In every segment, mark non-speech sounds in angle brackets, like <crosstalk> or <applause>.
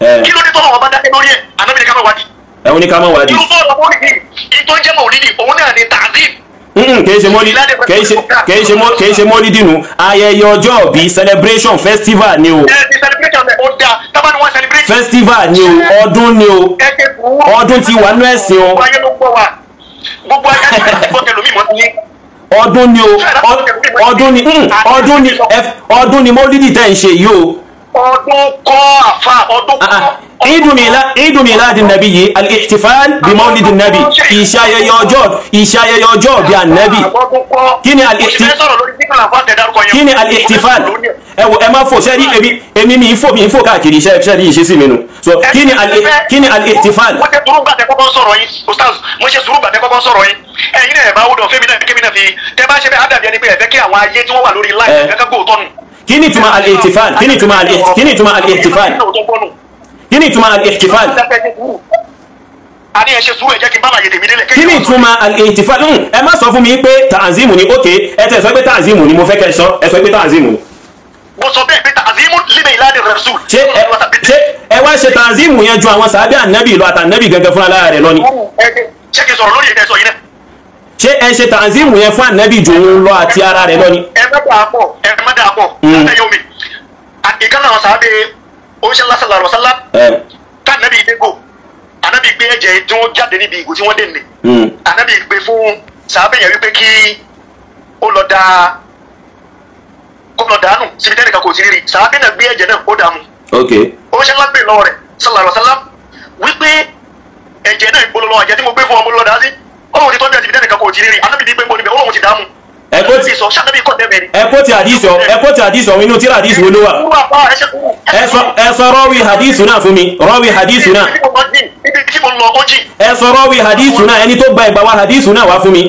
Eh. kí ló dé tọ́lọ̀ wọn bá dákẹ́ lórí ẹ̀ ànábì ní ká má wádìí. ẹ wọ́n ní ká má wádìí. irú bọ́ọ̀lù ni òdìdí ìtọ́ jẹ́ mọ̀ òdìdí òun náà ni tààzim. kìí ṣe mọ́lí kìí ṣe mọ́lí dínú ayẹyẹ ọjọ́ bí celebration festival ni o. Eh, festival ni o ọdún ni o ọdún ti wà nú ẹ̀sìn o. gbogbo ayé ti gbọ́ ọdún ni o ọdún ni mm, ọdún ni ọdún ni mọ́lídìí tẹ̀ ń ṣe yìí o ọdún kọ́ àfa ọdún kọ́. Idu miladi nabi yi al-ihtifal bi maulidi nabi ìṣayẹyẹ ọjọ́ ìṣayẹyẹ ọjọ́ bí anabi kíni al-ihtifal ẹwọ ẹ má fò sẹ́rí ebi èmi mi ifò mi ifò káàkiri iṣẹ́ sẹ́rí ìṣesí mi nu so kíni kíni mo ṣe sùúrù gbàtẹ kọ́kọ́ sọ̀rọ̀ yín ustaz mo ṣe sùúrù gbàtẹ kọ́kọ́ sọ̀rọ̀ yín ẹ̀yin náà bá wúdọ̀ fẹ́mi náà kémi náà fi tẹ́ bá ṣe bẹ́ẹ̀ kí ni tuma al-ihtifal kí ni tuma al-ihtifal kí ni tuma al-ihtifal kí ni tuma al-ihtifal kí Tuma ìtumọ̀ al-ihtifal hmm, ẹ má sọ fún mi pé ta'azimu ni ok ẹ tẹ̀ sọ pé ta'azimu ni mo fẹ́ kẹ́ sọ ẹ sọ pé ta'azimu ni. mo sọ bẹ́ẹ̀ pé ta'azimu lima ìlànà rasul. ṣé ẹ wá ṣe ta'azimu yẹn ju àwọn sàábẹ́ ànábì lọ àtànábì gẹ́gẹ́ fúnra lára rẹ̀ lọ ni. ṣé kí n sọ̀rọ̀ lórí ìdẹ́sọ̀ yìí náà ṣé ẹ ṣe tanzimu yẹn fún ànábì jù òun àti ara rẹ lọ ni. ẹ má dàá pọ̀ ẹ má dàá pọ̀ látàyọ̀ mi ìkànnì àwọn sábẹ́ oṣù lásàlà rọ̀ṣálá kànábì ìdégò ànábì gbé ẹ̀jẹ̀ tí wọ́n jáde níbi ìgò tí wọ́n dé ní. Hmm. ànábì gbé fún sábẹ́ yẹn wípé kí ó lọ da kó lọ dànù síbi tẹ́nìkan kò sí rírì sábẹ́ náà gbé ẹ̀jẹ̀ náà ó dààmú. oṣù lágbè lọ wípé ẹ̀jẹ̀ náà ìpolówó àjẹ́ mo gbé fún ọmọ lọ́dà sí. Ọlọ́run ti tọ́jú ẹtì bíi ẹnìkan kò jí rírì anábì ní pé mo níbẹ̀ Ọlọ́run ti dààmú. ẹ̀kọ́ ti ẹ̀kọ́ ti àdìsọ ẹ̀kọ́ ti àdìsọ inú tíra àdìsọ wo ló wà. ẹ sọ rọwì àdìsọ náà fún mi rọwì àdìsọ náà. ẹ sọ rọwì àdìsọ náà ẹni tó gba ìgbà wa àdìsọ náà wá fún mi.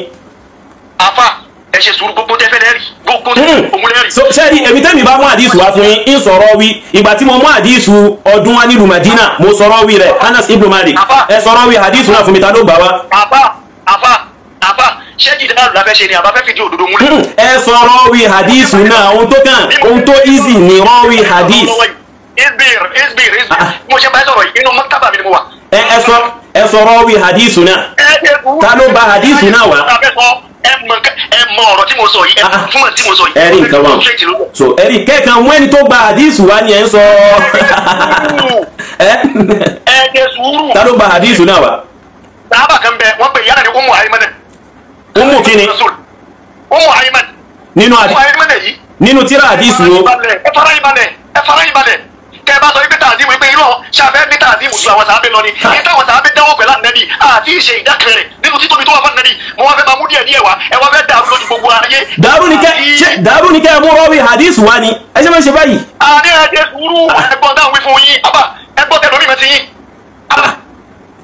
àfa ẹ ṣe sùúrù gbogbo tẹfẹ lẹrí gbogbo hmm. òun lẹrí. sẹ́ẹ̀dì èmi tẹ́mi bá mú àdìsù wá fún yín ń sọ̀rọ̀ wí ìgbà tí mo mú àdìsù ọdún wa nílùú Madina mo sọ̀rọ̀ wí rẹ̀ Anas ibn Malik ẹ sọ̀rọ̀ wí àdìsù náà fún mi ta ló gbà wá àfa àfa ṣé jìdáàlù la fẹ́ ṣe ni àbá fẹ́ fìdí òdodo múlẹ̀. ẹ sọ rọwì hadith náà ohun tó kàn ohun tó easy ni rọwì hadith. isbir isbir isbir mo ṣe bá sọ̀rọ̀ yìí inú mọ́tàbà mi ni mo wà. ẹ ẹ sọ ẹ sọ rọwì hadith náà ta ló ba hadith náà wá ẹ mọ ọ̀rọ̀ tí mo sọ yìí ẹ fún ẹ tí mo sọ yìí. ẹrí nǹkan wọn so ẹrí kẹ́ẹ̀kan wọ́n ẹni tó gba hadith wa ni ẹ ń sọ. ẹ ẹ sùúrù. ta ló gba hadith náà wa sahaba kan bẹ wọn bẹ yàrá ni umu ayman. umu kini. umu ayman. nínú adi umu ayman yìí. nínú tírà hadisi wo. ẹ fara yín balẹ̀ ẹ fara yín balẹ̀ kẹ ẹ bá sọ ibi tààdìmù ibi irú ọ ṣàfẹ́ ní tààdìmù ju àwọn sàábẹ̀ lọ ni ní táwọn sàábẹ̀ dáwọ́ pẹ̀lú ànẹ́bí àti ìṣe ìdákẹrẹ nínú títóbi tó wà fún ànẹ́bí mo wá fẹ́ máa mú díẹ̀ ní ẹ̀wà ẹ wá fẹ́ dàrú lójú gbogbo ayé. dàrú ni kẹ ṣe dàrú ni kẹ ẹ mú rọ́ọ̀bì hadith wa ni ẹ ṣe máa ṣe báyìí. àní ẹjẹ sùúrù ẹ̀gbọ́n wí fún yín abba ẹ̀gbọ́n tẹ lórí mẹsì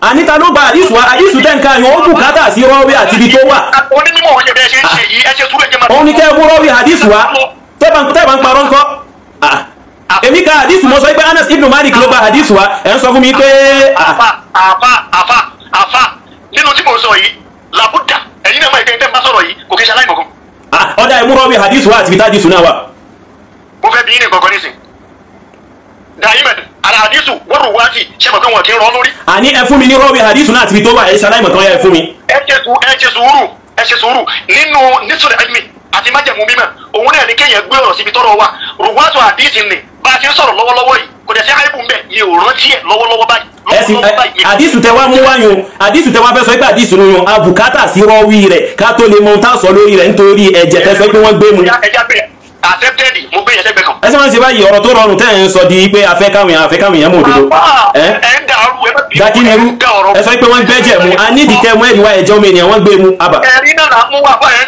àníta ló gba àdìsù àdìsù tẹ̀ǹkà yìí ó bùkátà sí rọ́ọ̀wì àti ibi tó wà. onímọ̀ òye bẹ́ẹ̀ ṣe ń ṣe yìí ẹ ṣe túbẹ̀ jẹ́ máa. òun ni kẹ́ ẹ mú rọ́ọ̀wì àdìsù wa tẹ́ẹ̀bà ń parọ́ ńkọ́ èmi ka àdìsù mọ́ sọ pé Anas ibn Malik ló gba àdìsù wa ẹ̀ ń sọ fún mi pé. àfa àfa àfa àfa nínú tí mo sọ yìí làbúdà ẹ̀yin náà máa ń tẹ́ ń bá sọ̀rọ̀ yìí kò kí wa àti ibi tá àdìsù daiman alhadisu wọ́n wáàtì ṣe mọ̀ pé wọ́n kì í rọ́ lórí. àní ẹ fún mi ní rọ́ọ̀bì hadisu náà àti tóba ẹ ṣaláìmọ̀ kan yẹ ẹ fún mi. ẹ ṣe sùúrù ẹ ṣe sùúrù nínú nítorí ẹ̀mí àti májẹ̀mú mímọ̀ òun náà ní kéèyàn gbé ọ̀rọ̀ síbi tọ́rọ̀ wa rùwátù hadisi ni bá a ti ń sọ̀rọ̀ lọ́wọ́lọ́wọ́ yìí kò dẹ̀ sí àìbù ń bẹ̀ mi ò rántí ẹ̀ lọ́wọ́lọ́wọ́ báyìí. ẹsìn àdìsù tẹ wá mú wáyò àdìsù tẹ wá fẹ́ sọ pé àdìsù ni yun abùkátà sí rọ́ọ̀wì rẹ̀ ká tó lè mọ ohun tá a sọ lórí rẹ̀ nítorí ẹ̀jẹ̀ tẹ sọ pé wọ́n gbé mu. ẹja bẹ̀rẹ̀ accepted mo gbé yẹn lẹ́gbẹ̀ẹ́ kan. ẹ ṣe máa ń ṣe báyìí ọ̀rọ̀ tó rọrùn tẹ́ ẹ̀ ń sọ di pé afẹ́ káwọn afẹ́ káwọn èèyàn mọ̀ òdodo. ẹ da ọrù ẹ bá bí dákí ẹrú ẹ sọ pé wọ́n ń gbẹ́jẹ̀ mu a ní ìdíkẹ́ mọ́ ẹ̀yíwá ẹ̀jọ́ mi ènìyàn wọ́n gbé mu abà. ẹ̀rí náà mú wà báyẹn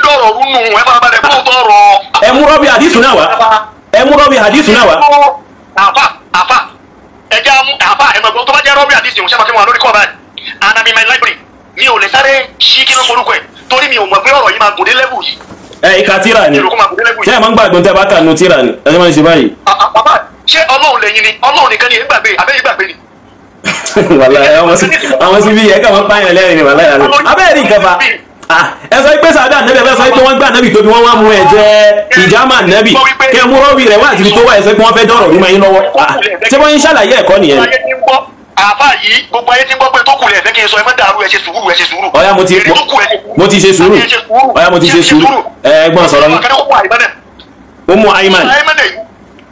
ẹ bá balẹ̀ fún tọrọ. ẹ mú rọ́bì hadith náà wá ẹ mú rọ́bì hadith náà wá. àfà àfà ẹ já àfà ẹ mọ̀ tó bá jẹ́ rọ́bì hadith ìwọ̀n my library ẹ ìka tíra ni tí ẹ máa ń gbàgbọ́n tẹ́ bá kà nu tíra ni ẹ máa ń ṣe báyìí. bàbá ṣé ọlọ́run lẹ́yìn ni ọlọ́run nìkan ni ẹ gbàgbé àbẹ́yẹ gbàgbé ni. <laughs> wàláyé àwọn síbí yẹn kà máa ń pààyàn lẹ́yìn ni wàláyé àlọ́ abẹ́rẹ́ nǹkan fa ah, ẹ sọ pé sáadà nẹbi ẹ sọ pé wọn gbà nẹbi tóbi wọn wá mú ẹ jẹ ìjàmà nẹbi kẹ múrọ́wì rẹ wá àti ibi tó wà ẹ sọ pé wọn fẹ́ dọ̀rọ̀ rúmọ yín lọ́wọ́ ah, ṣé wọ́n ń ṣàlàyé ẹ̀kọ́ nìyẹn àáfà yìí gbogbo ayé ti ń gbọ́ pé tó kù rẹ̀ fẹ́ kí n sọ ẹ má dàrú ẹ ṣe sùúrù ẹ ṣe sùúrù. ọ̀yá mo ti mo ti ṣe sùúrù ọ̀yá mo ti ṣe sùúrù ẹ gbọ́n sọ̀rọ̀ mi. ó mú àyìmánì.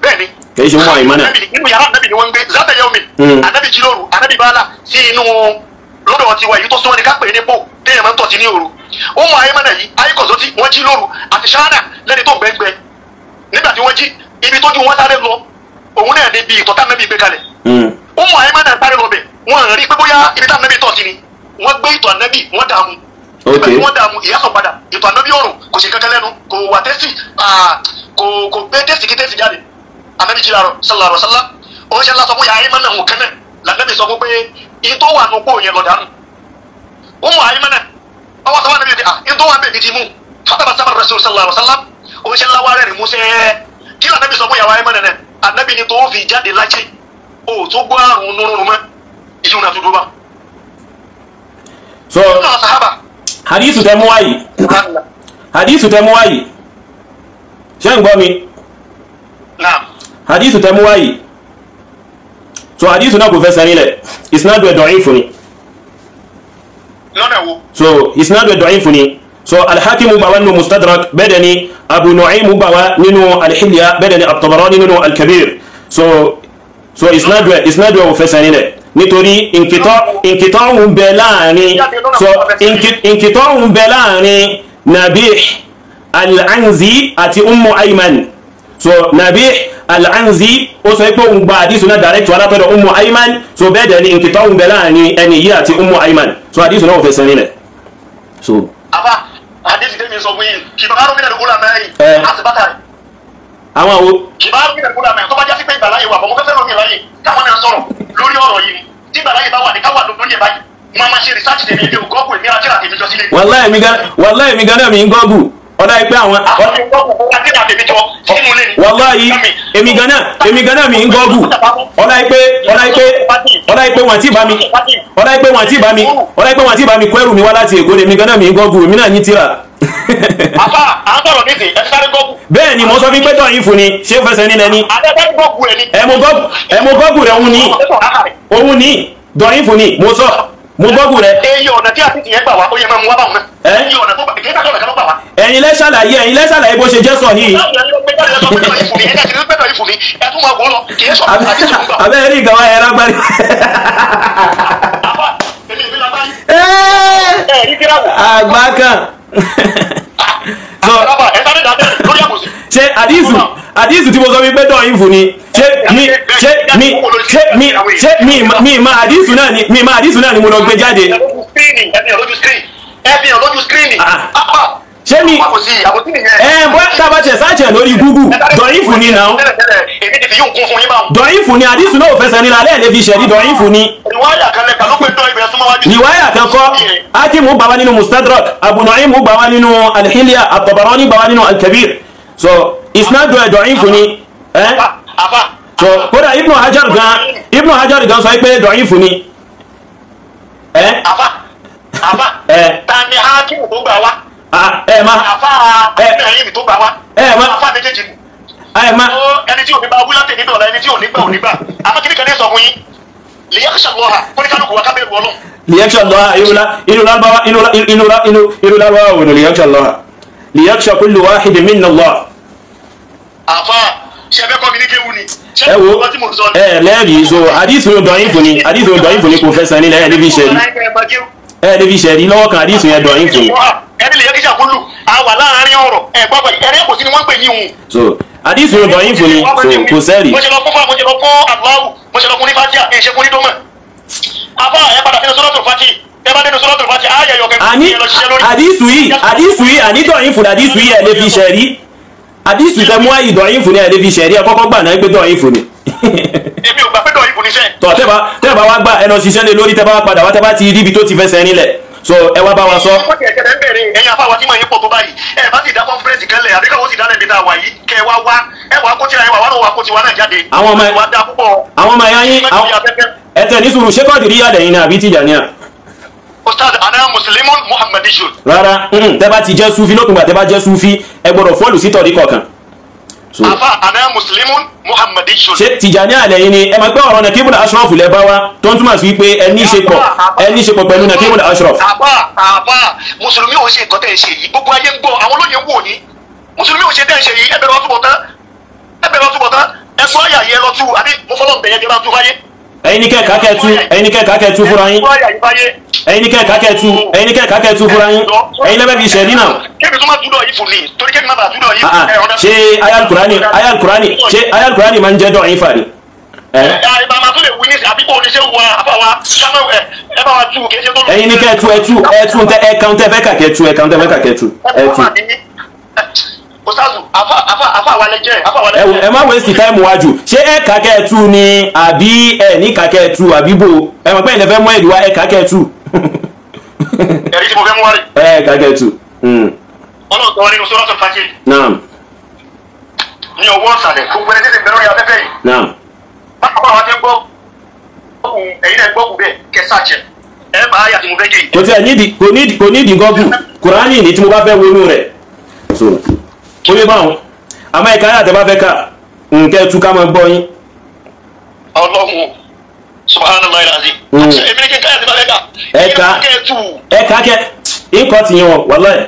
bẹ́ẹ̀ni kì í ṣe mú àyìmánì. nínú yàrá ànábì ni wọ́n ń gbé zata yomi ànábì jíròrò ànábì bala sí inú lọ́dọ̀ tiwa yìí tó súnmọ́ ni ká pè é ní bò téèyàn máa ń tọ̀ sí ní òru ó mú àyìmánì yìí ayíkọ̀sọ́ tí wọ́n jí lóru àti sáádà lẹ́ni tó gbẹ́ngbẹ́ nígbà tí wọ́n jí ibi tójú wọn sáré lọ òun náà ní ibi ìtọ́ta náà bí gbé kalẹ̀ ó mọ̀ ẹ́ má dàn sáré lọ́bẹ̀ wọ́n rí pé bóyá ibi tá ànábì tọ̀ sí ni wọ́n gbé ìtọ̀ ànábì wọ́n dààmú nígbà tí wọ́n dààmú ìyá sọ padà ìtọ̀ ànábì ọ̀rùn kò ṣe kankan lẹ́nu kò wà tẹ́sì kò kò gbé tẹ́sì kí tẹ́sì jáde ànábì jí làárọ̀ sàlárọ̀ sàlá òun ṣe ńlá sọ fún yàrá ìmọ̀ náà kẹ́nẹ̀ lànábì sọ fún pé ìtọ̀ wà nù kó yẹn lọ dànù ó mọ̀ àyè mẹ́nẹ̀ ọwọ́ sọ fún ànábì pé ìtọ̀ wà bẹ́ẹ̀ ní ti mú fataba sábà rasul sàlárọ̀ sàlá òun ṣe ńlá wàrẹ̀ rẹ̀ mú sẹ́ẹ́ kí lànábì sọ fún yàrá ìmọ̀ náà ànábì ni tó fi jáde lájẹ́ o tó gbọ́ àrùn nírúurú mọ́ ìṣe òun àtúndó bá. so hadithu tẹ mú wáyé hadithu tẹ mú wáyé ṣé ń gbọ́ mi hadithu tẹ mú wáyé so hadithu náà kò fẹsẹ̀ nílẹ̀ isnadu ẹ̀ dọ̀yìn fún ni. lọ́nà wo. so isnadu ẹ̀ dọ̀yìn fún ni so alhakimu bawa nínú mustadrak bẹ́ẹ̀ dẹ̀ ni abu nu'aymu bawa nínú alhiliya bẹ́ẹ̀ dẹ̀ ni at-tabarani nínú alkabir so so isnadu ẹ isnadu ẹ ò fẹsẹ̀ nílẹ̀ nítorí nkìtọ́ nkìtọ́ ń bẹ láàrin so nkìtọ́ ń bẹ láàrin nabih al-anzi àti ummu ayman so nabih al-anzi ó sọ pé òun gba àdìsù náà direct wà látọ̀dọ̀ ummu ayman so bẹ́ẹ̀ dẹ̀ ni nkìtọ́ ń bẹ láàrin ẹni yìí àti ummu ayman so àdìsù náà ò fẹsẹ̀ nílẹ̀ so. àbá àdìsù tẹ́mi sọ fún yìí kìbárò mi nà ló àti bàtà àwọn wo. ìbá gbìyànjú kúrò àmì tó bá jásí pé ìgbàláyè wà bọ́mọ fẹ́fẹ́ lómi ìláyè káwọn náà sọ̀rọ̀ lórí ọ̀rọ̀ yìí tí ìgbàláyè bá wà ní káwà lórí ẹ̀ báyìí mo máa ṣe rìsáàtì tèmi èdè ògọ́gù èmi àti àti èmi jọ sílé. wàláyé mi gánà mi ń gọ́gù ọ̀dà ìpẹ́ àwọn. wàláyé èmi gánà èmi gánà mi ń gọ́gù ọ̀dà ìpẹ́ ọ̀dà ìpẹ́ ọ̀dà ìpẹ́ wọ́n ti bá mi ọ̀dà ìpẹ́ wọ́n ti bá mi ọ̀dà ìpẹ́ wọ́n ti bá mi kó ẹrù mi wá láti Èkó èmi gánà mi ń gọ́gù èmi náà ní tírà. àfa àtọ̀rọ̀ nísìn gọ́gù. bẹ́ẹ̀ ni mo sọ fún pé tọ́ ìfún ni ṣé o fẹsẹ̀ nílẹ̀ ni. ẹ̀mú gọ́gù rẹ̀ òun ni òun ni dọ̀ ìfún ni mo sọ mo gọ́gù rẹ̀. èyí ọ̀nà tí a ti tìyẹn gbà wá ó yẹ mọ́ mu wá báwọn náà. èyí ọ̀nà tó gbà wá. ẹ̀yin lẹ ẹ̀yin lẹ bó ṣe jẹ́ sọ yìí. abẹ́rẹ́ rí ìgbà wa ẹ̀rọ agbárí àgbà kan ṣe àdìsù àdìsù tí mo sọ wípé dọ̀yìn fún ni ṣe mi ṣe mi ṣe mi ṣe mi mi ma àdìsù náà ni mi ma àdìsù náà ni mo lọ gbé jáde. ṣé mi ẹ bọ́ tábà tẹ̀ sáàtì ẹ̀ lórí Google dọ̀yìn fún ni náà dọ̀yìn fún ni àdìsù náà ò fẹsẹ̀ nílẹ̀ alẹ́ lè fi ṣẹ̀rí dọ̀yìn fún ni. ìwádìí àkànlẹ̀ kà ló pé dọ́ ibẹ̀ riwaya kan kọ́ akimu gbawa nínú mustadrak abu nu'aym gbawa nínú alhiliya atabarani gbawa nínú alkabir so isnadu ẹ̀ dọ̀yìn fún ni so kódà ibnu hajar gan ibnu hajar gan sọ pé dọ̀yìn fún ni. ta ni akimu tó gbà wá ẹ ma àfa ibrahim tó gbà wá àfa méjèèjì ni ẹni tí ò ní bá wúlá tèmi dọ̀la ẹni tí ò ní gbà ò ní gbà àmọ́ kíníkan ní sọ fún yín liyakisa lọha kọnikaluku wa kabe wọlọ. liyakisa lọha irula irula baba irula irula irula baba wolo liyakisa lọha liyakisa kullu wahidi minna lọha. afa sẹbẹ kọmi ni kewu ni. ẹ wo ẹ lẹ́ẹ̀rí so hadith yóò dọ̀yìn fún ni hadith yóò dọ̀yìn fún ni kò fẹ́ sanni lẹ́yìn ẹ̀ẹ́dẹ́bí sẹ́ẹ̀rí ẹ̀ẹ́dẹ́bí sẹ́ẹ̀rí lọ́wọ́ kan hadith yẹn dọ̀yìn fún ni. ẹni liyakisa kullu awa láàrin ọ̀rọ̀ ẹ gbọgbọ ẹrẹ kò ni wọn pè ní òun. so hadith yóò dọ̀yìn fún ni kò sẹ́ẹ̀rí mo ṣe lọkùnrin fatia kì í ṣe kùnrin tó mọ̀ àbá ẹ padà sínú sọ́dọ̀tò fati ẹ bá dénú sọ́dọ̀tò fati ayẹ yọkẹ́ mi ẹ lọ ṣiṣẹ́ lórí. àdìsù yìí àdìsù yìí ànídọ̀yìn fún àdìsù yìí ẹ lè fi ṣẹ̀ rí àdìsù tẹ mú ìdọ̀yìn fún ẹ lè fi ṣẹ̀ rí ẹ kọ́kọ́ gbà náà pé dọ̀yìn fún ni. èmi ò gbà pé dọ̀yìn fún ni sẹ́. tọ́ tẹ́ bá wá gbà ẹ lọ ṣiṣẹ́ lórí tẹ́ bá wá padà wá tẹ́ bá ti rí tó ti fẹsẹ̀ nílẹ̀ so ẹ wá bá wa sọ. ẹ̀yin kọ́kẹ́ ẹ̀kẹ́ bẹ́ẹ̀ ni ẹ̀yin afáwa tí màá yín pọ̀ tó báyìí ẹ̀ bá sì dá kọ́nfúrẹ́ǹsì kan lẹ̀ àbí káwọn sì dálẹ̀ bí tá a wà yìí kẹ́ ẹ wá wá ẹ wà kó tíra ẹ wà wà náà wà kó tiwa náà jáde. àwọn ọmọ ẹ àwọn ọmọ ẹ yá yín ẹtẹ ní sùúrù ṣé kọ́ọ̀dì rí yàdẹ̀ yín náà àbí Tìjàníyà. ustaz ana muslimun muhammadishun. rárá hmm. tẹ bá ti jẹ́ sufi lókun ṣe tìjàní àlẹ́ yìí ni ẹ máa gbé ọ̀rọ̀ nàkíbùlà ashraf lẹ́ bá wa tó ń túmọ̀ sí pé ẹ ní ṣe pọ̀ ẹ ní ṣe pọ̀ pẹ̀lú nàkíbùlà ashraf. àbá àbá mùsùlùmí ò ń ṣe nǹkan tẹ̀ ń ṣe yìí gbogbo ayé ń gbọ́ àwọn olóyè ń wò ní mùsùlùmí ò ń ṣe tẹ̀ ń ṣe yìí ẹ bẹ̀rẹ̀ wá túbọ̀ tán ẹ bẹ̀rẹ̀ wá túbọ̀ tán ẹ gbọ́ àyà yẹn lọ tú àbí mo fọlọ́ bẹ̀yẹ ẹ̀yin ní kẹ́ẹ̀ká kẹ́ẹ̀tú ẹ̀yin ní kẹ́ẹ̀ká kẹ́ẹ̀tú fúnra yín ẹ̀yin ní kẹ́ẹ̀ká kẹ́ẹ̀tú ẹ̀yin ní kẹ́ẹ̀ká kẹ́ẹ̀tú fúnra yín ẹ̀yin lẹ́bẹ̀ẹ́ fi ṣẹ̀rí náà. kébì tó máa dúdọ̀ yìí fún mi torí kébì máa bàa dúdọ̀ yìí. ṣé ayal kurani ayal kurani ṣé ayal kurani máa ń jẹ́ dọ̀yìn fàdí. ẹ̀yin ní kẹ́ẹ̀tú ẹ̀tú ẹ̀tú ẹ̀kàntẹ́fẹ́ kàkẹ́tú tu kàkẹ́tú tu ọ̀sàzù afa afa afa àwọn afa àwọn alẹ́jẹ́. ẹ má wẹ́sì táìmù wájú ṣé ẹ kàkẹ́ tu ni àbí ẹ ní kàkẹ́ tu àbí bò ẹ mọ̀ pé ẹ lè fẹ́ mú ẹ̀rí wá ẹ kàkẹ́ tu. ẹ̀rí tí mo fẹ́ mú wá rè. ẹ kàkẹ́ tu. Hmm. ọlọ́run tọ́wọ́ nínú sọ́dọ̀tọ̀ fàájì. naam. ní ọwọ́ ọ̀sàlẹ̀ gbogbo ẹni tètè bẹ̀rẹ̀ afẹ́fẹ́ yìí. naam. báwo àwọn akẹ́ gbọ́ ẹ̀yin náà gbọ́ kù bẹ́ẹ̀ kẹsàchẹ̀ ẹ bá àyà tí mo fẹ́ jẹ́ yìí. kò tí ẹ nídìí kùránì ní tí mo bá fẹ́ wọnú rẹ̀ ó lé báwọn àmọ́ ẹ̀ka náà tẹ́ bá fẹ́ kà nǹkẹ́ tú ká máa gbọ́ yín. ọlọ́run subahana mayi lazi. èmi ni kí n ká ẹ̀sìn bá fẹ́ kà. ẹ̀ka ẹ̀ka kẹ́ ikọ̀ ti yín wọn wàláhì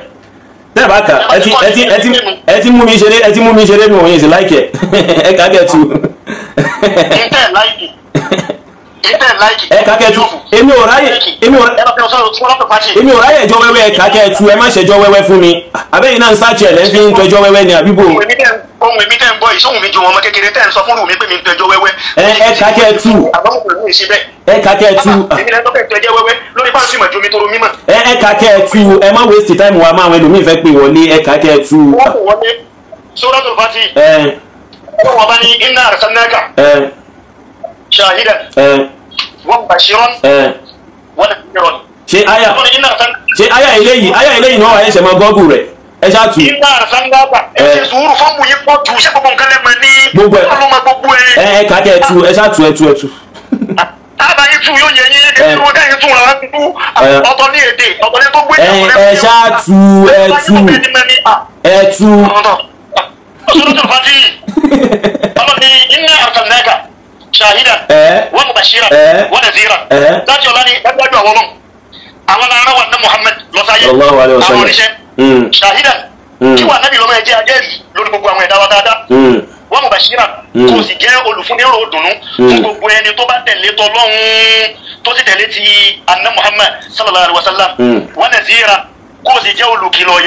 tẹ́ ẹ̀ bá kà ẹ ti mú mi ṣeré ẹ ti mú mi ṣeré mi wọ̀nyí sí láìkẹ́ <laughs> ẹ̀ka kẹ́ tú. ǹjẹ́ láìkì. <laughs> ẹ̀ka kẹtù èmi ò ráyè èmi ò ráyè ẹjọ́ wẹ́wẹ́ ẹ̀ka kẹtù ẹ má ṣẹjọ́ wẹ́wẹ́ fún mi abẹ́yìn náà ń sáàtì ẹ̀ lẹ́fí ń tẹjọ́ wẹ́wẹ́ ni àbíbò. ohun èmi tẹ́ ń bọ́ ìṣóhun mi ju ọmọ kékeré tẹ́ ń sọ fún mi pé mi ń tẹjọ́ wẹ́wẹ́. ẹ̀ka kẹtù ẹ̀ka kẹtù ẹ̀ka kẹtù ẹ má waste time wa máa wọn ẹlòmíì fẹ́ pè wọlé ẹ̀ka kẹtù. suratul fati. ọ̀wọ́ bá ní inna arsalnaka shahidan wa bashiran wa nadhiran ṣe aya ṣe aya eléyìí aya eléyìí náà wà ẹsẹ̀ mọ gọ́ọ̀gù ẹ ṣáà tù. iná àràsáńgáàbà ẹ ṣe eh. sùúrù fọ́ọ̀mù yìí pọ̀ tù ṣé gbogbo nǹkan lè mọ ní. gbogbo eh, eh, ẹ ẹ ẹ kà á kẹ ẹ tu ẹ ṣáà tu ẹ tu ẹ tu. <laughs> tábà yìí tu yóò yẹ yín yé kí ló dé yín tu rárá tu ọ̀tọ̀ ní èdè ọ̀tọ̀ ní tó gbé ẹ ṣáà tu ah. ẹ tu ẹ tu. ọ̀sọ̀rọ̀ tó fà shahidan eh? wa mubashiran eh? wa naziran eh? dájọ́ ọ̀la ni dájọ́ àwọn ọlọ́run àwọn ará wa ní Muhammad lọ́sáyé àwọn oníṣẹ́ hmm. shahidan hmm. kí wà nábì lọ́mọ ẹ̀jẹ̀ ajẹ́rìí lórí gbogbo àwọn ẹ̀dá wa dáadáa hmm. wa mubashiran kò sì jẹ́ olùfúnnírò dùnú fún gbogbo ẹni tó bá tẹ̀lé tọ́lọ́run tó sì tẹ̀lé ti anna Muhammad sallallahu alayhi wa sallam wa naziran kó o sì jẹ́ olùkìlọ̀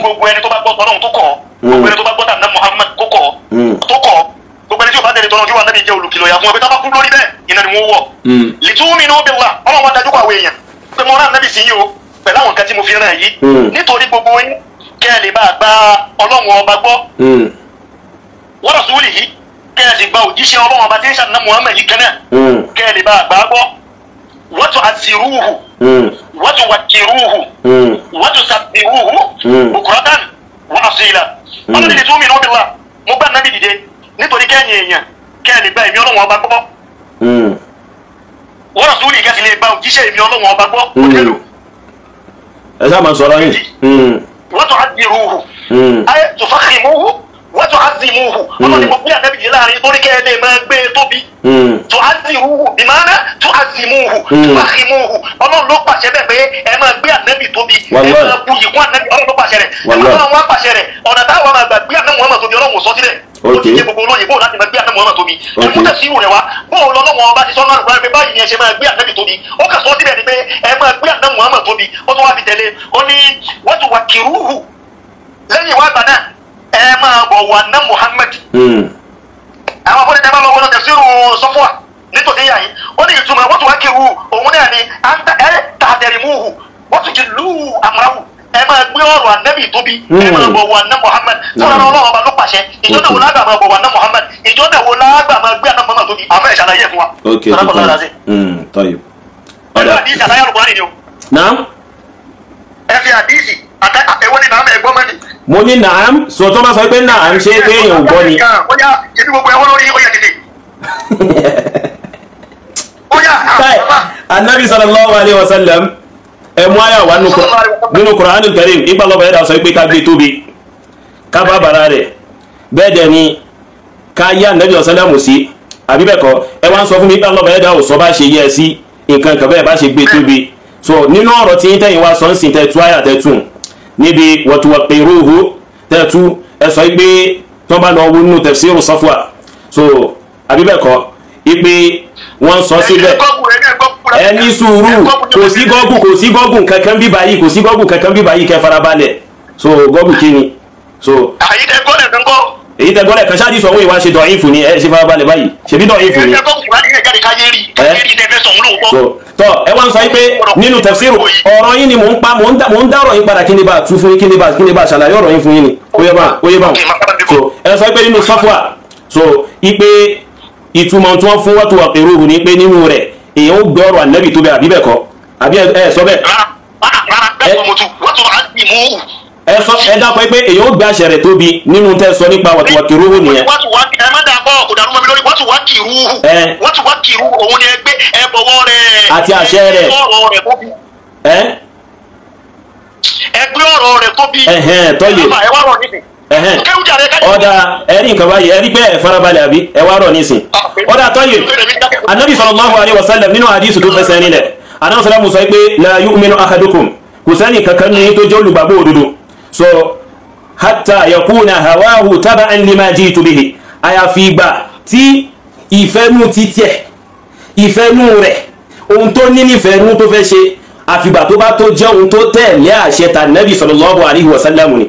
gbogbo ẹni tó bá gbọ́ tọ́lọ́run tó kọ̀ gbogbo ẹni tó bá gbọ́ tàbí Muhammad kó kọ̀ tó kọ̀ gbogbo ẹni tí o bá tẹ̀lé tọ́nà ojú wa nàbí jẹ́ olùkìlọ̀ yà fún ẹgbẹ́ tábà kú lórí bẹ́ẹ̀ iná ni wọ́n wọ̀. lìtúmínú bẹ́ẹ̀ wà ọmọ wa dájú kọ àwọn èèyàn pé mo rán nàbí sí yín o pẹ̀lú àwọn nǹkan tí mo fi ràn yìí hmm. nítorí gbogbo yín kẹ́ ẹ lè bá gba ọlọ́run ọba gbọ́ wọ́n rọ̀ sùwìlì yìí kẹ́ ẹ sì gba òjíṣẹ́ ọlọ́run ọba tí ń ṣàtúná Muhammad yìí kan náà hmm. kẹ́ ẹ lè bá gbà á gbọ́ wọ́n tún àṣìrúhù wọ́n wàkìrúhù wọ́n sàbìrúhù bukuratan wọ́n àṣìlá ọlọ́run ti tún mi nù bí wa mo bá nàbí dìde nítorí kẹ́yìn èèyàn kẹ́yìn gba èmi ọlọ́wọ́n ọba gbọ́. Hmm. wọ́n rà sórí ìkẹ́sì lè gba òjíṣẹ́ èmi ọlọ́wọ́n ọba gbọ́. Hmm. ẹ sábà ń sọ̀rọ̀ yìí. Hmm. wọ́n tún á di ruhu. ayé tó fà kì í mú wọ́n tún á di mú hu. ọlọ́run ni mo gbé àtẹ́bí yìí láàrin torí kẹ́ ẹ lè máa gbé e tóbi. tó á di ruhu ìmáná tó á di mú hu tó fà kì í mú ọlọ́run ló pàṣẹ bẹ́ẹ̀ pé ẹ máa gbé ó ti jẹ gbogbo olóyìnbó láti máa gbé àtẹ̀mọ́ ọ̀nà tóbi ẹ̀mú tẹ̀síwò rẹ̀ wá bóò lọ lọ́wọ́ ọba ti sọ náà rẹ̀ báyìí ni ẹ ṣe máa gbé àtẹ̀mí tóbi ó kà sọ síbẹ̀ ni pé ẹ máa gbé àtẹ̀mọ́ ọ̀nà tóbi ó tún wá fi tẹ̀lé ó ní wọ́n ti wà kìrúhù lẹ́yìn wá gbà náà ẹ máa bọ̀ wà ná Muhammad hmm. àwọn afọ́nì tẹ́ bá lọ wọlé tẹ̀síwò sọ́fọ́à nítorí yà yín ó ní ìtumọ̀ wọ́n ti wá kìrúhù òun náà ni ẹ tàdẹ̀rìmúhù wọ́n ti kìlúhù àmàràhù ẹ máa gbé ọ̀rọ̀ ànábì tóbi ẹ máa hmm. bọ̀ wọ àná Muhammad fúnra hmm. náà ọlọ́run ọba ló pàṣẹ ìjọ náà wo lágbà máa bọ̀ wọ àná Muhammad ìjọ náà wo lágbà máa gbé àná Muhammad tóbi àmọ́ ẹ̀ ṣàlàyé fún wa. ok tó tọ́ yìí. ẹ fi àdìsí àtàyà Al-Qur'ani naam. ẹ fi àdìsí àtàyà ẹ̀wọ́n ni nàámẹ̀ ẹ̀gbọ́n mẹ́ni. mo ní nàám sọ tó máa sọ pé nàám ṣe é pé èèyàn gbọ́ ni. ó yà ẹbí gbogbo ẹ̀wọ́n lórí ó yà <laughs> ẹ mú àyà wá nínú Qur'anul Karim ipa lọ́ba ẹ̀dá sọ pé ká gbé tóbi ká bá bàrà rẹ̀ bẹ́ẹ̀ dẹ̀ ni ká yá nẹ́bí ọ̀sánlámù sí àbí bẹ́ẹ̀ kọ́ ẹ wá ń sọ fún mi ipa lọ́ba ò sọ bá ṣe yẹ sí nǹkan kan bẹ́ẹ̀ bá ṣe gbé tóbi so nínú ọ̀rọ̀ tí tẹ̀yìn wá sọ ń sìn tẹ̀tú àyà tẹ̀tù níbi wọ̀tùwọ̀pẹ̀rọ̀hó tẹ̀tù ẹ sọ pé tó so àbí bẹ́ẹ̀ kọ́ ipe ẹ sùúrù kò sí gọ́gùn kò sí gọ́gùn kankan bí báyìí kò sí gọ́gùn kankan bí báyìí kẹ́ farabalẹ̀ so gọ́gùn kí ni so. èyí tẹ gọ́lẹ̀ kan ṣáàjì sọ̀wọ́ ìwà ṣe dọ̀yìn ni ẹ ṣe farabalẹ̀ báyìí ṣèbí dọ̀yìn fún ni. tọ ẹ wá ń sọ pé nínú tẹfsiru ọ̀rọ̀ yín ni mò ń pa mò ń dá yín padà kí ni bá tú yín kí ni bá kí ni bá ṣàlàyé ọ̀rọ̀ yín fún yín ni ó yẹ bá ó so ẹ sọ pé nínú sọ́fúà so ipe ìtumọ̀ tí wọ́n fún wọ́n tó wà pẹ̀lú òhun ni pé nínú rẹ̀ èèyàn ó gbọ́ ọ̀rọ̀ ànábì tó bẹ́ẹ̀ àbí bẹ́ẹ̀ kọ́ àbí ẹ sọ bẹ́ẹ̀. ẹ sọ ẹ dákọ̀ pé èèyàn ó gbé àṣẹ rẹ̀ tóbi nínú tẹ́ sọ nípa wàtúwàkì rúhù nìyẹn. ẹ má dà bọ́ kò dàrú mọ́ mi lórí wàtúwàkì rúhù wàtúwàkì rúhù òun ni ẹ gbé ẹ bọ̀wọ́ rẹ̀ àti àṣẹ rẹ̀ ẹ gbé ọ̀rọ̀ rẹ̀ tóbi ẹ wá rọ̀ níbi ọ̀dà ẹ̀rí nǹkan báyìí ẹ̀rí pé ẹ̀ farabalẹ̀ àbí ẹ̀ wá rọ̀ nísìn ah, ọ̀dà tọ́yè anabi sallallahu alayhi wa sallam nínú àdìsù tó fẹsẹ̀ nílẹ̀ anabi sallallahu sọ pé la yu'minu ahadukum kò sẹ́ni kankan ní tó jẹ́ olùgbàgbọ́ òdodo so hatta yakuna hawahu taba'an lima jitu bihi àyàfi ìgbà tí ìfẹ́nu ti ìfẹ́nu rẹ̀ ohun tó ní nífẹ̀ẹ́nu tó fẹ́ ṣe àfìgbà tó bá tó jẹ́ ohun tó tẹ̀lé àṣẹ tànàbì sallallahu alayhi wa sallam ni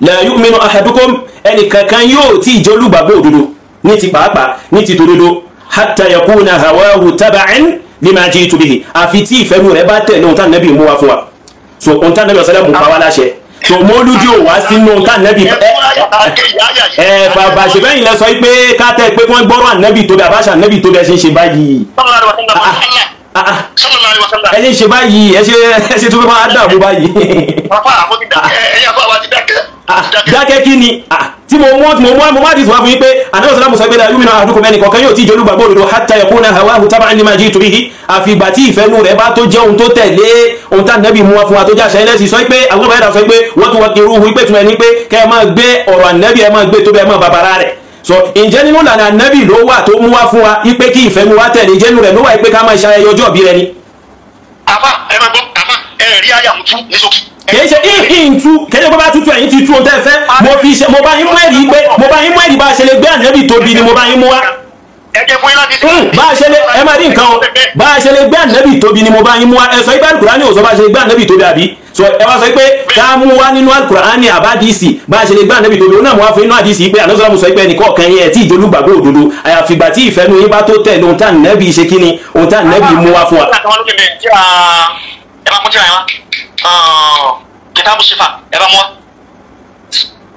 la yu'minu ahadukum ẹnì kankan yóò tí ì jẹ́ olùgbàgbọ́ òdodo ní ti pàápàá ní ti tòdodo hatta yakuna hawahu taba'an lima jitu bihi àfi tí ìfẹ́nu rẹ̀ bá tẹ̀ ní ohun tá nàbí mú wa fún wa so ohun tá nàbí ọ̀sẹ̀lẹ̀ mú pa wá láṣẹ so mọ́lúdì ò wá sínú ohun tá nàbí ẹ bàbá ṣèbẹ́yìn lẹ sọ pé ká tẹ́ pé wọ́n gbọ́rọ̀ ànábì tó bẹ àbáṣà ànábì tó ṣe ń ṣe báyìí ah, ah. ẹ ṣe ń ṣe báyìí ẹ ṣe tó fẹ́ máa dààmú báyìí dákẹ́ kí ni tí mo mú ọtí mo mú àmọ́ àdìsí wá fún yín pé àdáwọ̀ sọ́dọ̀ musa gbẹ́dà yúmi náà àdúkùn mẹ́nìkan kan yóò tí ìjọlú gbàgbọ́ òdodo hátà ẹ̀kú náà hawa ahùn tábà ní máa jí ìtòrí yìí àfi ìgbà tí ìfẹ́ nù rẹ̀ bá tó jẹ́ ohun tó tẹ̀lé ohun tá nàbì mú wa fún wa tó jáṣẹ́ ẹlẹ́sìn sọ pé àwọn ọmọ ẹ̀dá sọ pé wọ́n tún wọ́n ti rú hu pé tún ẹni pé kẹ́ ẹ máa gbé ọ̀rọ̀ ànábì ẹ máa gbé tó bẹ́ẹ̀ máa bàbára rẹ̀ so ǹjẹ́ nínú ìlànà ànábì ló wà tó mú wa fún wa ipe kí ìfẹ́ mu wa tẹ̀lé jẹ́nu rẹ̀ ló wà ipe ká máa ṣe ayẹyẹ ọjọ́ ìbí rẹ̀ ni. àmà ẹ máa gbọ́ àmà ẹ rí àyà mú tú ní sókè kìí ṣe ìhìntú kìí ṣe pé bá tútù ẹ̀yìn ti tú ohun tẹ́ ẹ fẹ́ mo fi ṣe mo bá yín mú ẹ̀rí pé mo bá yín mú ẹ̀rí bá a ṣe lè gbé ànábì tóbi ni mo bá yín mú wá. Hmm, bá a ṣe lè ẹ máa rí nǹkan o bá a ṣe lè gbé ànábì tóbi ni mo bá yín mú wá ẹ sọ ibà alukurani ò sọ bá a ṣe lè gbé ànábì tóbi àbí so ẹ wá sọ pé ká mú wá nínú alukurani àbádìsì bá a ṣe lè gbé ànábì tóbi ó náà mú wá fún inú àdìsì pé àlọ́sọ̀rọ̀ mo sọ pé ẹnì kọ̀ọ̀kan yẹn tí ìjọlúgbàgbọ́ òdodo àyàfìgbà kìtàbù sífà ẹ bá mú wa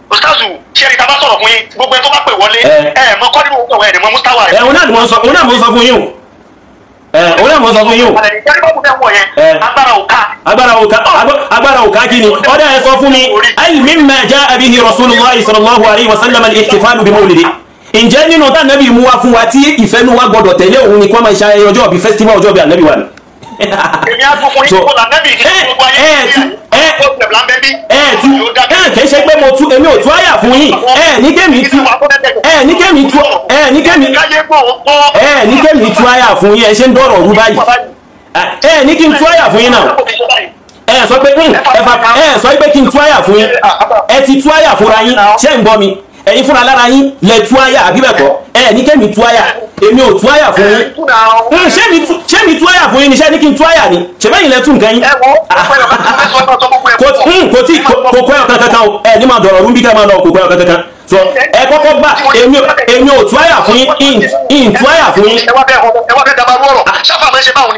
ustazu tiẹ̀rì tá a bá sọ̀rọ̀ fún yín gbogbo ẹ tó bá pè wọlé ẹ mọ kọ́ nínú ọ̀wẹ́ ẹ̀ mọ mustawa rẹ. òun náà mò sọ òun náà mò sọ fún yín o òun náà mò sọ fún yín o. agbára òka agbára òka agbára òka kí ni ọ̀dà ẹ sọ fún mi ayi mimma jaa bihi rasulullahi sallallahu alayhi wa sallam al bi mawlidi ǹjẹ́ nínú tá ànábì mú wa fún wa tí ìfẹ́ wa gbọ́dọ̀ tẹ̀lé òun ni kí wọ́n máa ṣe ayẹyẹ festival ọjọ́ bíi ànábì wa ni èmi àtúkùn yìí kò lànà bí ìṣẹ́ gbogbo ayé eh, eh, ẹ eh, tu ẹ kì í ṣe pé mo tu èmi ò tú àyà fún yín ẹ ní kémi tu ẹ ní kémi tu ẹ ní kémi ẹ ní kémi tu àyà fún yín ẹ ṣe ń dọ̀rọ̀ ọ̀rú báyìí ẹ ní kí n tú àyà fún yín náà ẹ sọ pé ẹ sọ pé kí n tú àyà fún yín ẹ ti tú àyà fúnra yín ṣé ń gbọ́ mi ẹ̀yin fúnra lára yín lẹ tú àyà àbí bẹ́ẹ̀ kọ́ ẹ ní kémi tú àyà èmi ò tú àyà fún yín ṣé mi tú àyà fún yín ni ṣé ní kí n tú àyà ni ṣèbẹ́yìn lẹ́tù nǹkan yín. kò tí kò kọ́ ẹ̀yọ̀ kankan o ẹ̀ ní máa dọ̀rọ̀ rúbí ká máa lọ kò ẹ̀yọ̀ kankan so ẹ kọ́kọ́ gbà èmi ò tú àyà fún yín ìyìn tú àyà fún yín.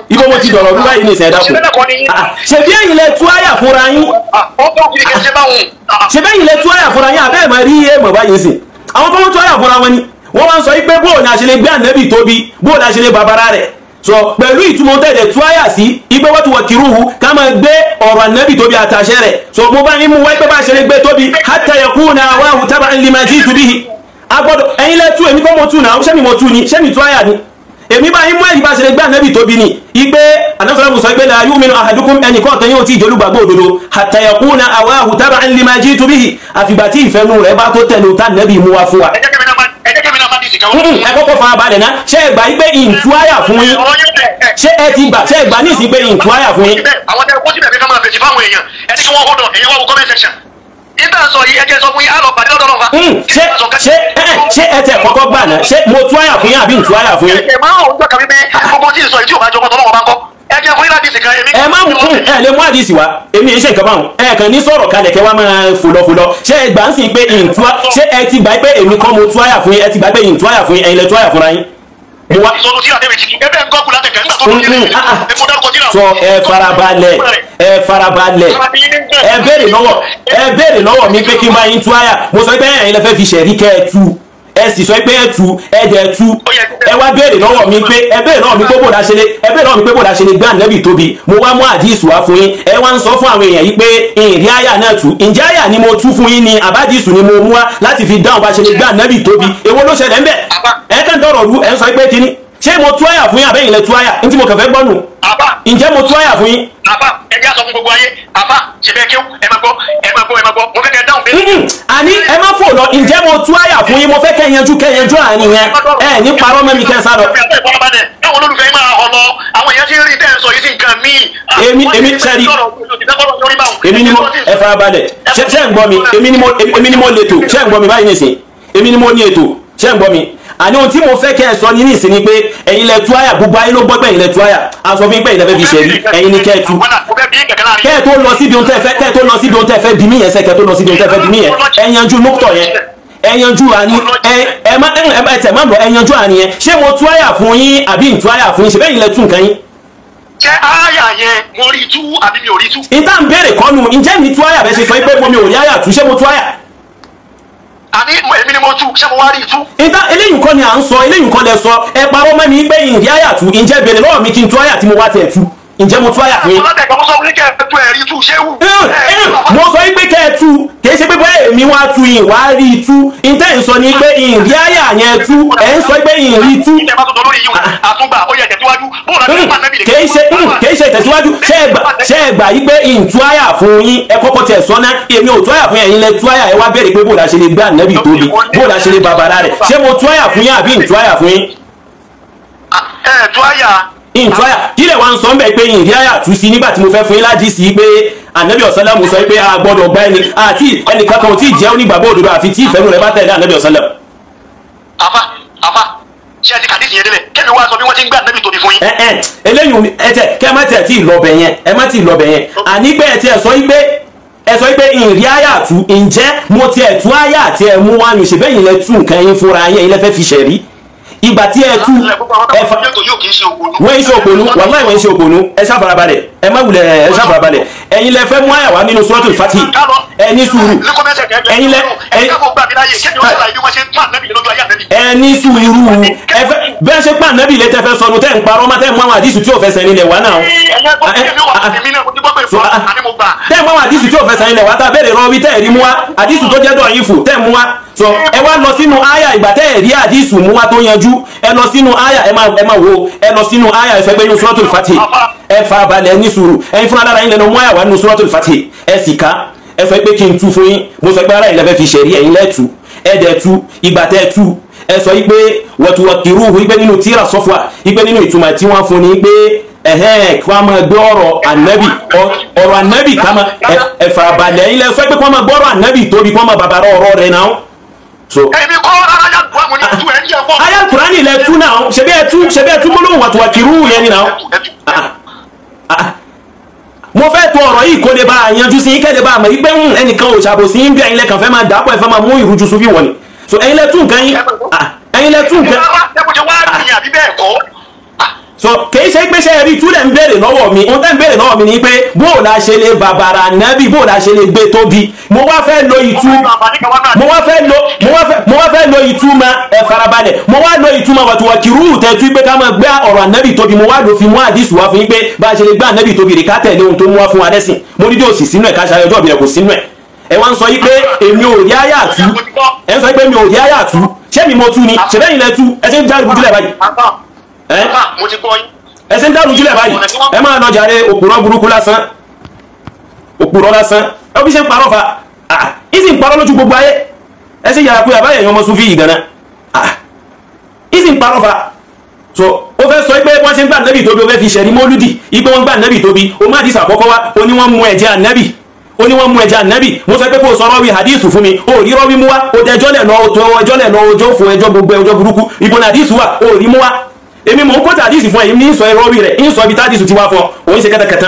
ibo mo ti dọ̀rọ̀ rúbá yìí ní ìsẹ̀dá kù ṣèbí ẹ̀yin lẹ tú àyà fúnra yín ah, ṣèbẹ́yìn ah. lẹ tú àyà fúnra yín àbẹ́ẹ̀ máa rí èèmọ̀ báyìí sìn àwọn tó tú àyà fúnra wọn ni wọ́n máa ń sọ yí pé bóòlù àṣẹ lè gbé ànábì tóbi bóòlù àṣẹ lè bàbára rẹ̀ sọ pẹ̀lú ìtumọ̀ tẹ̀lẹ̀ tú àyà sí ipe wọ́n ti wọ̀ kírúhu ká máa gbé ọ̀rọ̀ ànábì tóbi àtàṣẹ rẹ̀ sọ mo bá yín mú wáyé pé bá ṣe lè gbé tóbi hatta yakuna awahu taba'an lima jitu bihi agbọ́dọ̀ ẹ̀yin lẹ́tú èmi kọ́ mo tú náà sẹ́mi mo tú ni sẹ́mi tú àyà ni èmi bá yín mú ẹ̀yìn bá ṣe lè gbé ànábì tóbi ni igbe anasalamu sọ pé la yuminu ahadukum ẹnì kọ́ọ̀tàn yóò ti ìjọlúgbàgbọ́ òdodo hatta yakuna awahu taba'an lima jitu bihi àfìgbà tí ìfẹ́nu rẹ̀ bá tó ẹ kọ́kọ́ fara balẹ̀ náà ṣé ẹ gbà yí pé ìtú àyà fún yín ṣé ẹ ti gbà ṣé ẹ gbà nísìnyí pé ìtú àyà fún yín. àwọn tẹ kó síbẹ̀ bí ká máa fèsì fáwọn èèyàn ẹni kí wọ́n hold on èyí wọ́n wọ comment section ìtàn sọ yìí ẹjẹ sọ fún yín àlọ́ pàdé lọ́dọ̀ lọ́fà. Hmm, ṣé ṣé ṣé ẹ tẹ kọ́kọ́ gbà náà ṣé mo tú àyà fún yín àbí ìtú àyà fún yín. ẹ máa ń jọ kàmí bẹ́ẹ̀ gbogbo tí ì sọ yìí tí ò bá jọ ẹ jẹ́ fún ìlàdìsì kan èmi. ẹ má mú kún ẹ lè mú àdìsì wá èmi yẹn ṣe nǹkan báwọn ẹ kàn ní sọ̀rọ̀ kalẹ̀ kẹ́ wá máa fòlọ́fòlọ́ ṣé ẹ gbà ń sìn pé ìtura ṣé ẹ ti gbà pé èmi kan mo tú àyà fún yín ẹ ti gbà pé ìtura àyà fún yín ẹ̀yin lẹ tú àyà fúnra yín. mo wá sọ mm-hmm. ẹ farabalẹ̀ ẹ farabalẹ̀ ẹ béèrè lọ́wọ́ ẹ béèrè lọ́wọ́ mi pé kí n bá yín tú àyà mo sọ pé ẹ̀yin lẹ fẹ́ fi ṣẹ̀rí kẹ́ ẹ tú ẹ sì sọ pé ẹ tu ẹ dẹ̀ tu ẹ wá béèrè lọ́wọ́ mi pé ẹ béèrè lọ́wọ́ mi pé bòdà ṣe lè ẹ béèrè lọ́wọ́ mi pé bòdà ṣe lè gbé ànábì tóbi mo wá mú àdìsù wá fún yín ẹ wá ń sọ fún àwọn èèyàn yìí pé ìrìn àyà náà tu ǹjẹ́ àyà ni mo tú fún yín ni àbádìsù ni mo mú wá láti fi dáhùn bá ṣe lè gbé ànábì tóbi èwo ló ṣẹlẹ̀ ńbẹ̀ ẹ kàn dọ̀rọ̀ rú ẹ ń sọ pé kíní ṣé mo tú àyà fún yín àbẹ́yìn lẹ tú àyà ní tí mo kẹfẹ́ gbọ́nù. àbá ǹjẹ́ mo tú àyà fún yín. àbá ẹ jẹ́ àsọ fún gbogbo ayé àbá ṣẹ̀fẹ̀ kí ẹ máa gbọ́ ẹ máa gbọ́ ẹ máa gbọ́ mo fẹ́ kẹ́ ẹ dáhùn bẹ́ẹ̀. àní ẹ má fò lọ ǹjẹ́ mo tú àyà fún yín mo fẹ́ kẹ́ yanjú kẹ́ yanjú àárín yẹn ẹ ní parọ́ mẹ́mi kẹ́ sá lọ. àwọn olólùfẹ́ yín máa hàn lọ àwọn èèyàn ti rí tẹ́ẹ̀ sọ yìí sí nǹkan míì. èmi èmi sẹ́ni èmi ni mo ẹ farabalẹ̀ ṣé ń gbọ́ mi èmi ni mo èmi ni mo lè tò ṣé ń gbọ́ mi báyìí nìsín èmi ni mo ní ètò ṣé ń gbọ́ mi àní ohun tí mo fẹ́ kẹ́ ẹ sọ ní nísìn ni pé ẹ̀yin lẹ tú àyà gbogbo ayé ló gbọ́ pé ẹ̀yin lẹ tú àyà aṣọ fún pé ẹ̀yin lẹ fẹ́ fi ṣẹ̀rí ẹ̀yin ni kẹ́ ẹ tú. kẹ́ ẹ tó lọ síbi ohun tẹ́ fẹ́ kẹ́ ẹ tó lọ síbi ohun tẹ́ fẹ́ bí mí yẹn sẹ́ kẹ́ ẹ tó lọ síbi ohun tẹ́ fẹ́ bí mí yẹn ẹ yanjú nukutọ̀ yẹn ẹ yanjú àní ẹ ẹ má ẹ tẹ̀ má lọ ẹ yanjú àní yẹn ṣé mo tú àyà fún yín àbí ntú àyà fún yín ṣe bẹ́ẹ̀ lẹ tú nǹkan yín jẹ́ àyà yẹn mo rí tú àbí mi ò rí tú. ìta ń béèrè kọ́nu ǹjẹ́ mi tú àyà bẹ́ẹ̀ ṣe sọ pé mo mi ò rí àyà tú ṣé mo tú àyà àbí èmi ni mo tú ṣé mo wá rí tú. ìta eléyìí kọ́ ni à ń sọ eléyìí kọ́ lẹ sọ ẹ parọ́ mọ́ mi pé ìrìn àyà tú ǹjẹ́ bèrè lọ́wọ́ mi kí n tú àyà tí mo wá tẹ̀ tú ǹjẹ́ mo tú àyà pé. mo sọ pé kẹ́ ẹ tú kìí ṣe pé bóyá èmi wá tú ìhìn wá rí i tú ìtẹ́ ń sọ ni pé ìhìn rí àyà yẹn tú ẹ̀ ń sọ pé ìhìn rí i tú. kìí ah, ah. ṣe kìí ṣe ìtẹ̀síwájú ṣe é gbà yí pé ìtú àyà fún yín ẹ kọ́kọ́ tiẹ̀ sọ náà èmi ò tú àyà fún ẹ̀yin lẹ tú ẹ wá bẹ̀rẹ̀ pé bóòlà ṣe lè gbé ànábì tóbi bóòlà ṣe lè bàbàrà rẹ̀ ṣé mo tú fún yín àbí ìtú fún yín. ẹ ẹ tú àyà. kí lè wá ń sọ ń bẹ̀ pé ìdí àyà tú sí nígbà tí mo fẹ́ fún yín láti sí pé ànábì ọ̀sálàmù a gbọ́dọ̀ gbá ẹni àti ẹnìkan kan ò tí ì jẹ́ onígbàgbọ́ òdodo àfi tí ìfẹ́ ṣe ti kàdí ìyẹn débẹ̀ kẹ́mi wá sọ bí wọ́n ti ń gbà nẹ́bí tóbi fún yín. ẹ ẹ eléyìí ẹ tẹ kẹ má tiẹ̀ tí ì yẹn ẹ má tí ì yẹn àní pé ẹ tiẹ̀ sọ igbe ẹ sọ pé ìrì àyà tú ǹjẹ́ mo tiẹ̀ tú àyà àti ẹ̀ mú wá ní òṣèbẹ́ lẹ tú nǹkan yín fúnra yín ilẹ̀ fẹ́ fi ṣẹ̀rí ìgbà tí ẹ tú ẹ fa wọ́n ń ṣe òpònú wọ́n ń ṣe òpònú ẹ ṣá ẹ má wulẹ̀ ẹ ṣàfara balẹ̀ ẹ̀yin lẹ fẹ́ mú àyà wá nínú sọ́ọ̀tù fati ẹni sùúrù ẹ̀yin lẹ ẹni sùúrù bẹ́ẹ̀ ṣe pa ànábì lẹ́tẹ̀ fẹ́ sọnù tẹ́ ń parọ́ máa tẹ́ ń mú àwọn àdìsù tí ò fẹsẹ̀ nílẹ̀ wá náà. tẹ́ ń mú àwọn àdìsù tí ò fẹsẹ̀ nílẹ̀ wá tá a béèrè rọ́ọ̀bì tẹ́ ẹ̀rí mú wa àdìsù tó jẹ́ dọ̀yìn fò tẹ́ ń mú wa sọ ẹ wá lọ sínú àyà ìgbà tẹ́ ẹ̀rí àdìsù mú wa tó yanjú ẹ lọ sínú àyà ẹ máa wo ẹ lọ sínú àyà ìfẹ́gbẹ́yìn sọ́ọ̀tù fati ẹ fa balẹ̀ ní sùúrù ẹ̀yin fúnra lára yín lẹ́nu mú àyàwó nínú Suratul Fatih ẹ sì ká ẹ sọ pé kí n tú fún yín mo sọ pé ara yín lẹ́fẹ̀ẹ́ fi ṣẹ̀rí ẹ̀yin lẹ́ẹ̀tú ẹ dẹ̀ tú ìgbà tẹ́ tú ẹ sọ pé wọ̀tùwọ̀tìrúhu ipe nínú tíra sọ́fà ipe nínú ìtumọ̀ tí wọ́n fún ni pé ẹ̀hẹ́n kí wọ́n máa gbé ọ̀rọ̀ ànábì ọ̀rọ̀ ànábì ká máa ẹ̀fà balẹ̀ ilẹ̀ sọ pé kí wọ́n máa gbọ́ ọ̀rọ̀ ànábì tóbi kí wọ́n máa bàbá ọ̀rọ̀ rẹ̀ náà so. ẹni kọ́ aya kurani ni tu ẹ̀ ń yẹ fọ́. aya kurani lẹ tu náà ṣebí ẹ tu ṣebí ẹ tu gbólóhùn wàtúwàkìrú yẹn ni náà. Ah, ah mo fẹ́ tó ọ̀rọ̀ yìí kó lè bá yanjú sí kẹ́lẹ́ bá àmọ́ ìgbẹ́ ń ẹnìkan ò ṣàbòsí ń bí ẹ̀yin lẹ́kàn fẹ́ máa dàpọ̀ ẹ̀ fẹ́ máa mú ìrújú sùn fi wọ̀ ni so ẹ̀yin lẹ́tún kan yín ẹ̀yin lẹ́tún kan. ẹ so kìí ṣe pé ṣe rí túlẹ̀ ń béèrè lọ́wọ́ mi ohun tẹ́ ń béèrè lọ́wọ́ mi ni pé bó o la ṣe lè bàbàrà nábì bó o la ṣe lè gbé tóbi mo wá fẹ́ lo ìtú mo wá fẹ́ lo mo wá fẹ́ mo wá fẹ́ lo ìtumọ̀ ẹ farabalẹ̀ mo wá lo ìtumọ̀ wàtúwọ̀ kìrú tẹ̀tú pé ká máa gbé ọ̀rọ̀ ànábì tóbi mo wá lo fi mú àdìsù wá fún yín pé bá a ṣe lè gbé ànábì tóbi rè ká tẹ̀lé ohun tó mú wá fún wa lẹ́sìn mo dídí òsì sínú ẹ̀ ká ṣayọ ọjọ́ ìbílẹ̀ kò sínú ẹ̀ ẹ wá ń sọ yí pé èmi ò rí àyà àtú ẹ ń ẹ eh? mo ti gbọ́ yín. ẹsẹ̀ ń dàrú jílẹ̀ báyìí ẹ máa lọ jàre òpùrọ̀ burúkú lásán òpùrọ̀ lásán ẹ bí ṣe ń parọ́ fa ẹ ah, sì ń parọ́ lójú gbogbo ayé ẹ sì yàrá kuyà báyìí ẹ̀yàn ọmọ sunfi yìí gánà ẹ ah, sì ń parọ́ fa so ó fẹ́ sọ pé wọ́n ṣe ń gbà nẹ́bì tóbi ó fẹ́ fi ṣẹ̀rí mọ́lúdì ipe wọ́n gbà nẹ́bì tóbi ó má dìsà kọ́kọ́ wá ó ní wọ́n mú ẹ̀jẹ̀ ànẹ́bì ó ní wọ́n mú ẹ̀jẹ̀ ànẹ́bì mo sọ pé kó o sọ rọ́wì hadithu fún mi ó rí rọ́wì mú wa ó dẹjọ́ lẹ̀ lọ ọjọ́ lẹ̀ lọ ọjọ́ fún ẹjọ́ gbogbo ẹjọ́ burúkú ìbọn hadithu wa ó rí mú wa èmi mò ń kó tàdísì fún ẹ ní sọ ẹrọ rí rẹ ní sọ ibi tàdísì ti wá fún òun ṣe kẹtẹkẹtẹ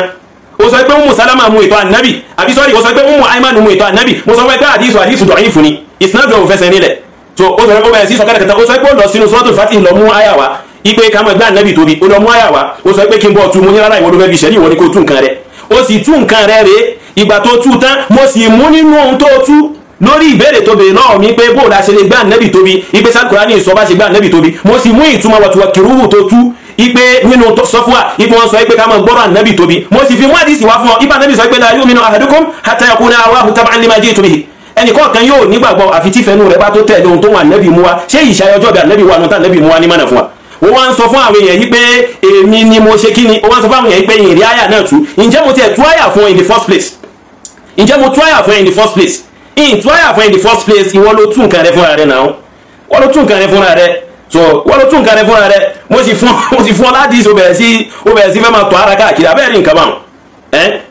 o sọ pé umu salama mu ètò anabi àbí sọ́ọ́rì o sọ pé umu aimanu mu ètò anabi mo sọ pé àdísù àdísù dọ̀yìn fún ni ìsinadu ò fẹsẹ̀ nílẹ̀ so o sọ pé o bẹ̀rẹ̀ sí sọ kẹtẹkẹtẹ o sọ pé o lọ sínú suratul fatih lọ mú àyà wa ipe kàmú ẹgbẹ́ anabi tóbi o lọ mú àyà wa o sọ pé kí n bọ̀ tu mo ní rárá ìwọ ló fẹ́ fi ṣẹ́ni ìwọ ni kò tú nǹkan rẹ o sì tú nǹkan rẹ rèé ìgbà tó tú tán mo sì mú nínú ohun tó tú lórí ìbéèrè tó béèrè náà mi pé bóòlù àṣẹ lè gbá ànẹ́bì tóbi ipe sàkúrà ní ìsọba ṣe gbá ànẹ́bì tóbi mo sì mú ìtumọ̀ wàtúwà kìrúwù tó tú ipe nínú sọfúà ipe wọn sọ ipe ká máa gbọ́rọ̀ ànẹ́bì tóbi mo sì fi mú àdìsí wá fún ọ ipe ànẹ́bì sọ ipe la yu'minu ahadukum hatta yakuna awahu tab'an lima ji'tu bihi ẹnì kọ̀ọ̀kan yóò nígbàgbọ́ àfi tí fẹnu rẹ̀ bá tó tẹ̀lé ohun tó wọn ànẹ́bì mú wa ṣé wọ́n wá ń sọ fún àwọn èèyàn yìí pé èmi ni mo ṣe kí ni wọ́n wá ń sọ fún àwọn èèyàn yìí pé ìrìn àyà náà tú ǹjẹ́ mo tiẹ̀ tú àyà fún in the first place ǹjẹ́ mo tú àyà fún in the first place In ìtú àyà fún in the first place ìwọ ló tún nǹkan rẹ fúnra rẹ náà wọ́n ló tún nǹkan rẹ fúnra rẹ so wọ́n ló tún nǹkan rẹ fúnra rẹ mo sì fún ọ láti ìṣòbẹ̀rẹ̀ sí ó bẹ̀rẹ̀ sí fẹ́ máa tọ́ ara káàkiri abẹ́rẹ́ nǹkan báwọn eh?